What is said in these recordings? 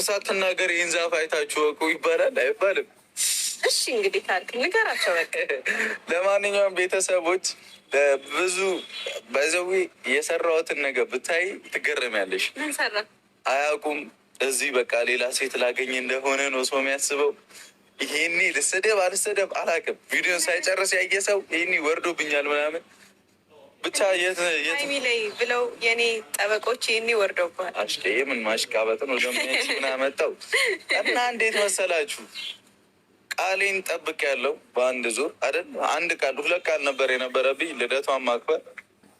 እሳትናገር ይህን ዛፍ አይታችሁ ወቁ ይባላል አይባልም? እሺ እንግዲህ ታርክ ንገራቸው። ለማንኛውም ቤተሰቦች ብዙ በዘዊ የሰራሁትን ነገር ብታይ ትገርሚያለሽ። ምን ሰራ አያውቁም። እዚህ በቃ ሌላ ሴት ላገኝ እንደሆነ ነው ሰው የሚያስበው። ይሄኔ ልሰደብ አልሰደብ አላውቅም። ቪዲዮን ሳይጨርስ ያየ ሰው ይሄኔ ወርዶብኛል ምናምን ብቻ ላይ ብለው የኔ ጠበቆች ይህኔ ወርደውባል። አሽቄ ምን ማሽቃበጥ ነው ደግሞ ምን እና እንዴት መሰላችሁ ቃሌን ጠብቅ ያለው በአንድ ዙር አይደል አንድ ቃል ሁለት ቃል ነበር የነበረብኝ ልደቷን ማክበር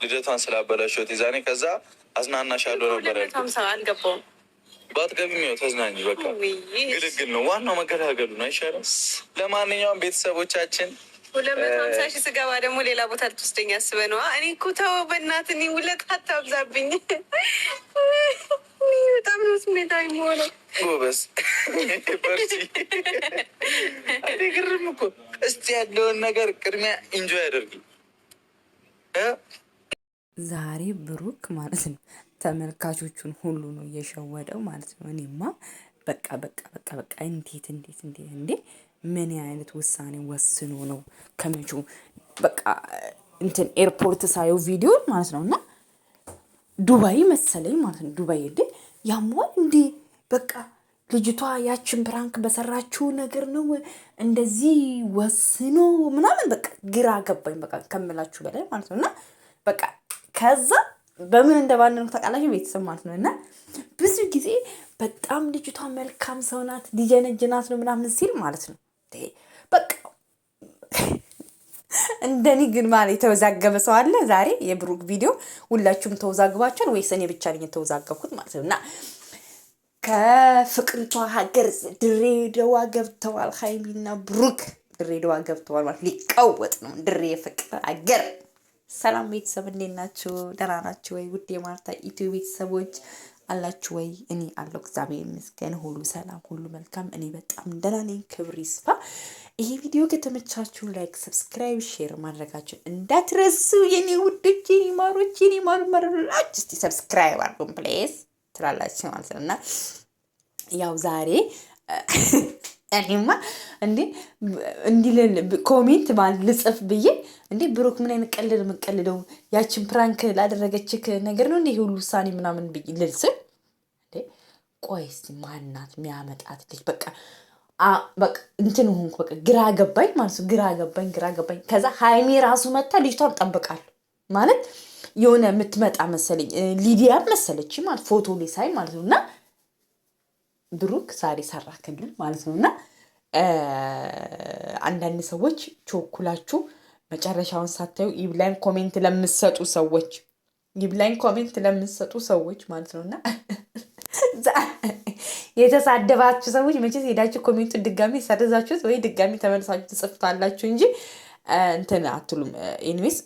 ልደቷን ስላበላሸሁት የዛኔ ከዛ አዝናናሻለሁ ነበር አልገባውም ባትገቢም ያው ተዝናኝ በቃ ግልግል ነው ዋናው መገላገሉ ነው አይሻልም ለማንኛውም ቤተሰቦቻችን ሁለት መቶ ሀምሳ ሺህ ስገባ ደግሞ ሌላ ቦታ ልትወስደኝ አስበህ ነው። እኔ እኮ ተው በእናትህ እኔ ውለታ አታብዛብኝ። በጣም ነው ስሜታ የምሆነው። ጎበዝ በርቺ። ግርም እኮ እስቲ ያለውን ነገር ቅድሚያ ኢንጆይ አደርጊ። ዛሬ ብሩክ ማለት ነው ተመልካቾቹን ሁሉ ነው እየሸወደው ማለት ነው። እኔማ በቃ በቃ በቃ በቃ እንዴት እንዴት እንዴት እንዴ ምን አይነት ውሳኔ ወስኖ ነው ከመቹ በቃ እንትን ኤርፖርት ሳየው ቪዲዮ ማለት ነው እና ዱባይ መሰለኝ ማለት ነው ዱባይ እንዴ ያሟል እንዴ በቃ ልጅቷ ያችን ፕራንክ በሰራችው ነገር ነው እንደዚህ ወስኖ ምናምን በቃ ግራ ገባኝ። በቃ ከምላችሁ በላይ ማለት ነው እና በቃ ከዛ በምን ነው ታውቃላችሁ ቤተሰብ ማለት ነው እና ብዙ ጊዜ በጣም ልጅቷ መልካም ሰው ናት፣ ሊጀነጅናት ነው ምናምን ሲል ማለት ነው በቃ እንደኔ ግን ማለት የተወዛገበ ሰው አለ። ዛሬ የብሩክ ቪዲዮ ሁላችሁም ተወዛግባችኋል ወይስ እኔ ብቻ ነኝ የተወዛገብኩት ማለት ነው? እና ከፍቅሪቷ ሀገር ድሬዳዋ ገብተዋል ሀይሚና ብሩክ ድሬዳዋ ገብተዋል ማለት ሊቀወጥ ነው። ድሬ የፍቅር ሀገር ሰላም ቤተሰብ እንዴት ናችሁ? ደህና ናችሁ ወይ? ውድ የማርታ ኢትዮ ቤተሰቦች አላችሁ ወይ? እኔ አለው እግዚአብሔር ይመስገን፣ ሁሉ ሰላም፣ ሁሉ መልካም። እኔ በጣም ደህና ነኝ። ክብር ይስፋ። ይሄ ቪዲዮ ከተመቻችሁ ላይክ፣ ሰብስክራይብ፣ ሼር ማድረጋችሁን እንዳትረሱ የኔ ውዶች፣ የኔ ማሮች፣ የኔ ማርመርላች። እስቲ ሰብስክራይብ አድርጉን ፕሌስ ትላላችሁ ማለት ነው እና ያው ዛሬ እኔማ እንዴ እንዲልን ኮሜንት ማለት ልጽፍ ብዬ እንዴ ብሩክ ምን አይነት ቀልድ የምቀልደው ያችን ፕራንክ ላደረገችክ ነገር ነው እንዴ ሁሉ ውሳኔ ምናምን ልል ስል ቆይ እስኪ ማናት የሚያመጣት ልጅ በቃ እንትን ሆንኩ። በቃ ግራ ገባኝ ማለት ግራ ገባኝ፣ ግራ ገባኝ። ከዛ ሀይሜ ራሱ መታ ልጅቷን እጠብቃለሁ ማለት የሆነ የምትመጣ መሰለኝ ሊዲያ መሰለች ማለት ፎቶ ላይ ሳይ ማለት ነው እና ብሩክ ዛሬ ሰራክልን ማለት ነው። እና አንዳንድ ሰዎች ቾኩላችሁ መጨረሻውን ሳታዩ ይብላኝ ኮሜንት ለምሰጡ ሰዎች ይብላኝ ኮሜንት ለምሰጡ ሰዎች ማለት ነው እና የተሳደባችሁ ሰዎች መቼ ሄዳችሁ ኮሜንቱን ድጋሚ ሰርዛችሁት ወይ ድጋሚ ተመልሳችሁ ትጽፍታላችሁ እንጂ እንትን አትሉም። ኤኒዌይስ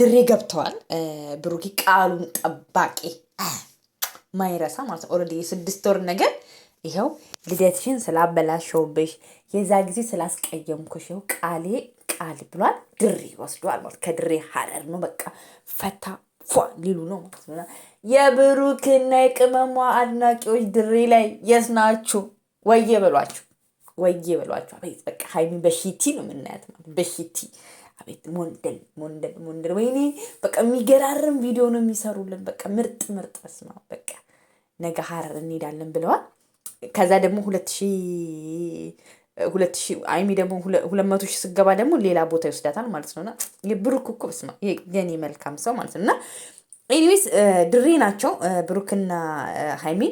ድሬ ገብተዋል። ብሩኪ ቃሉን ጠባቂ ማይረሳ ማለት ነው። ኦልሬዲ የስድስት ወር ነገር ይኸው ልደትሽን ስላበላሸውብሽ የዛ ጊዜ ስላስቀየምኩሽ ይኸው ቃሌ ቃል ብሏል። ድሬ ወስዷል ማለት ከድሬ ሀረር ነው። በቃ ፈታ ፏ ሊሉ ነው ማለት ነው። የብሩክና የቅመሟ አድናቂዎች ድሬ ላይ የት ናችሁ? ወየ በሏችሁ፣ ወየ በሏችሁ። በቃ ሀይሚ በሺቲ ነው የምናያት ማለት በሺቲ ቤት ሞንደል ሞንደል ሞንደል ወይኔ በቃ የሚገራርም ቪዲዮ ነው የሚሰሩልን። በቃ ምርጥ ምርጥ በስማ በቃ ነገ ሀረር እንሄዳለን ብለዋል። ከዛ ደግሞ ሁለት ሺህ ሁለት ሺህ አይሚ ደግሞ ሁለት መቶ ሺህ ስገባ ደግሞ ሌላ ቦታ ይወስዳታል ማለት ነውና የብሩክ እኮ በስማ የኔ መልካም ሰው ማለት ነው እና ኤኒዌይስ ድሬ ናቸው ብሩክና ሀይሜ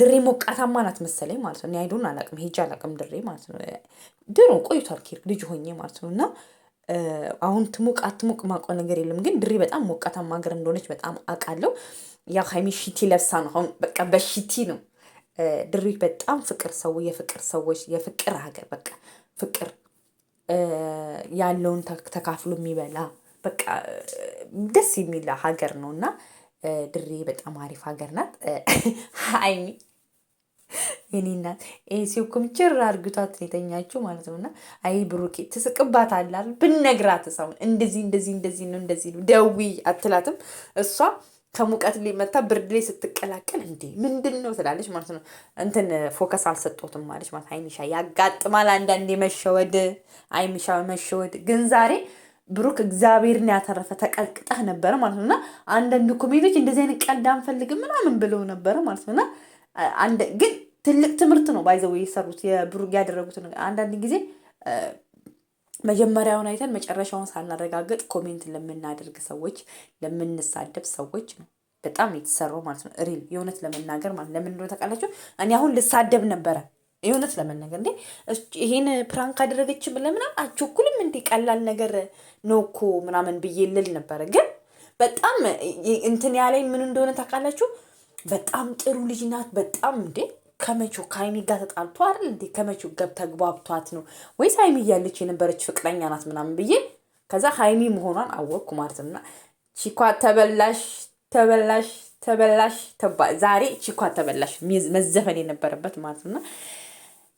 ድሬ ሞቃታማ ናት መሰለኝ ማለት ነው። አይዶን አላቅም ሄጄ አላቅም ድሬ ማለት ነው። ድሮ ቆይቷል ከሄድኩ ልጅ ሆኜ ማለት ነው። እና አሁን ትሙቅ አትሙቅ ማቆ ነገር የለም ግን ድሬ በጣም ሞቃታማ ሀገር እንደሆነች በጣም አውቃለሁ። ያው ሀይሚ ሽቲ ለብሳ ነው አሁን በቃ በሽቲ ነው ድሬ በጣም ፍቅር ሰው የፍቅር ሰዎች የፍቅር ሀገር በቃ ፍቅር ያለውን ተካፍሎ የሚበላ በቃ ደስ የሚል ሀገር ነው እና ድሬ በጣም አሪፍ ሀገር ናት። ሀይሚ የኔ እናት ሲኩም ችር አርግቷት የተኛችው ማለት ነው። እና አይ ብሩኬ ትስቅባታለህ ብነግራት ሳሁን እንደዚህ እንደዚህ እንደዚህ ነው እንደዚህ ነው ደዊ አትላትም እሷ ከሙቀት ላይ መታ ብርድ ላይ ስትቀላቀል እንዴ ምንድን ነው ትላለች ማለት ነው። እንትን ፎከስ አልሰጦትም ማለች ማለት አይሚሻ ያጋጥማል አንዳንዴ መሸወድ፣ አይሚሻ መሸወድ ግን ዛሬ ብሩክ እግዚአብሔርን ያተረፈ ተቀልቅጠህ ነበረ ማለት ነው። እና አንዳንድ ኮሜዲዎች እንደዚህ አይነት ቀልድ አንፈልግም ምናምን ብለው ነበረ ማለት ነው። እና ግን ትልቅ ትምህርት ነው ባይዘው የሰሩት የብሩክ ያደረጉት አንዳንድ ጊዜ መጀመሪያውን አይተን መጨረሻውን ሳናረጋግጥ ኮሜንት ለምናደርግ ሰዎች፣ ለምንሳደብ ሰዎች ነው በጣም የተሰራው ማለት ነው። ሪል የእውነት ለመናገር ማለት ለምን እንደሆነ ታውቃላችሁ። እኔ አሁን ልሳደብ ነበረ የእውነት ለመናገር እንዴ ይሄን ፕራንክ አደረገች ብለህ ምናምን አትቸኩልም እንዴ? ቀላል ነገር ነው እኮ ምናምን ብዬ ልል ነበረ። ግን በጣም እንትን ያለኝ ምን እንደሆነ ታውቃላችሁ? በጣም ጥሩ ልጅ ናት። በጣም እንዴ ከመቼው ከሀይሚ ጋር ተጣልቶ አይደል እንዴ? ከመቼው ገብ ተግባብቷት ነው ወይስ ሀይሚ እያለች የነበረች ፍቅረኛ ናት ምናምን ብዬ ከዛ ሀይሚ መሆኗን አወቅኩ ማለት ነው። እና ቺኳ ተበላሽ ተበላሽ ተበላሽ ተባ ዛሬ ቺኳ ተበላሽ መዘፈን የነበረበት ማለት ነው።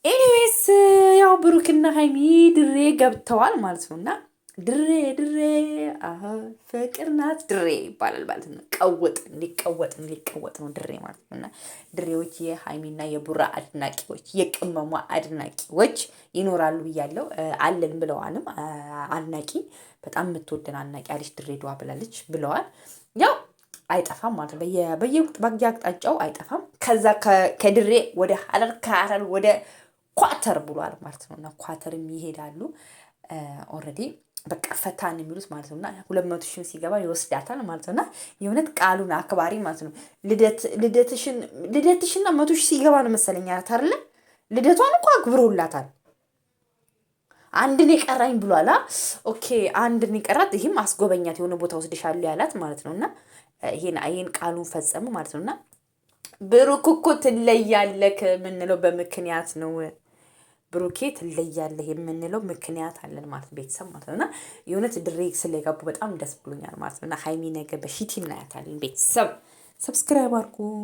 ኤኒዌይስ ያው ብሩክና ሀይሚ ድሬ ገብተዋል ማለት ነው። እና ድሬ ድሬ ፍቅር ናት ድሬ ይባላል ማለት ነው። ቀወጥ እንዲቀወጥ እንዲቀወጥ ነው ድሬ ማለት ነው። እና ድሬዎች የሀይሚና የቡራ አድናቂዎች፣ የቅመሟ አድናቂዎች ይኖራሉ ብያለው። አለን ብለዋልም አድናቂ በጣም የምትወደን አድናቂ አለች ድሬዳዋ ብላለች ብለዋል ያው አይጠፋም ማለት ነው። በየ አቅጣጫው አይጠፋም። ከዛ ከድሬ ወደ ሀረር ከሀረር ወደ ኳተር ብሏል ማለት ነው። እና ኳተርም ይሄዳሉ ኦልሬዲ በቃ ፈታን የሚሉት ማለት ነው። እና ሁለት መቶ ሺህ ሲገባ ይወስዳታል ማለት ነው። እና የእውነት ቃሉን አክባሪ ማለት ነው። ልደትሽና መቶ ሺህ ሲገባ ነው መሰለኝ አላት አይደለ? ልደቷን እኮ አክብሮላታል። አንድን የቀራኝ ብሏላ። ኦኬ አንድን የቀራት ይህም አስጎበኛት የሆነ ቦታ ወስድሻሉ ያላት ማለት ነው። እና ይህን ቃሉን ፈጸሙ ማለት ነው። እና ብሩክ እኮ ትለያለክ የምንለው በምክንያት ነው። ብሩኬ ትለያለህ የምንለው ምክንያት አለን ማለት ቤተሰብ ማለት ነውእና እና የእውነት ድሬ ስለጋቡ በጣም ደስ ብሎኛል ማለት ነው። ሀይሚ ነገ በሺቲ እናያታለን ቤተሰብ ሰብስክራይብ አድርጉ።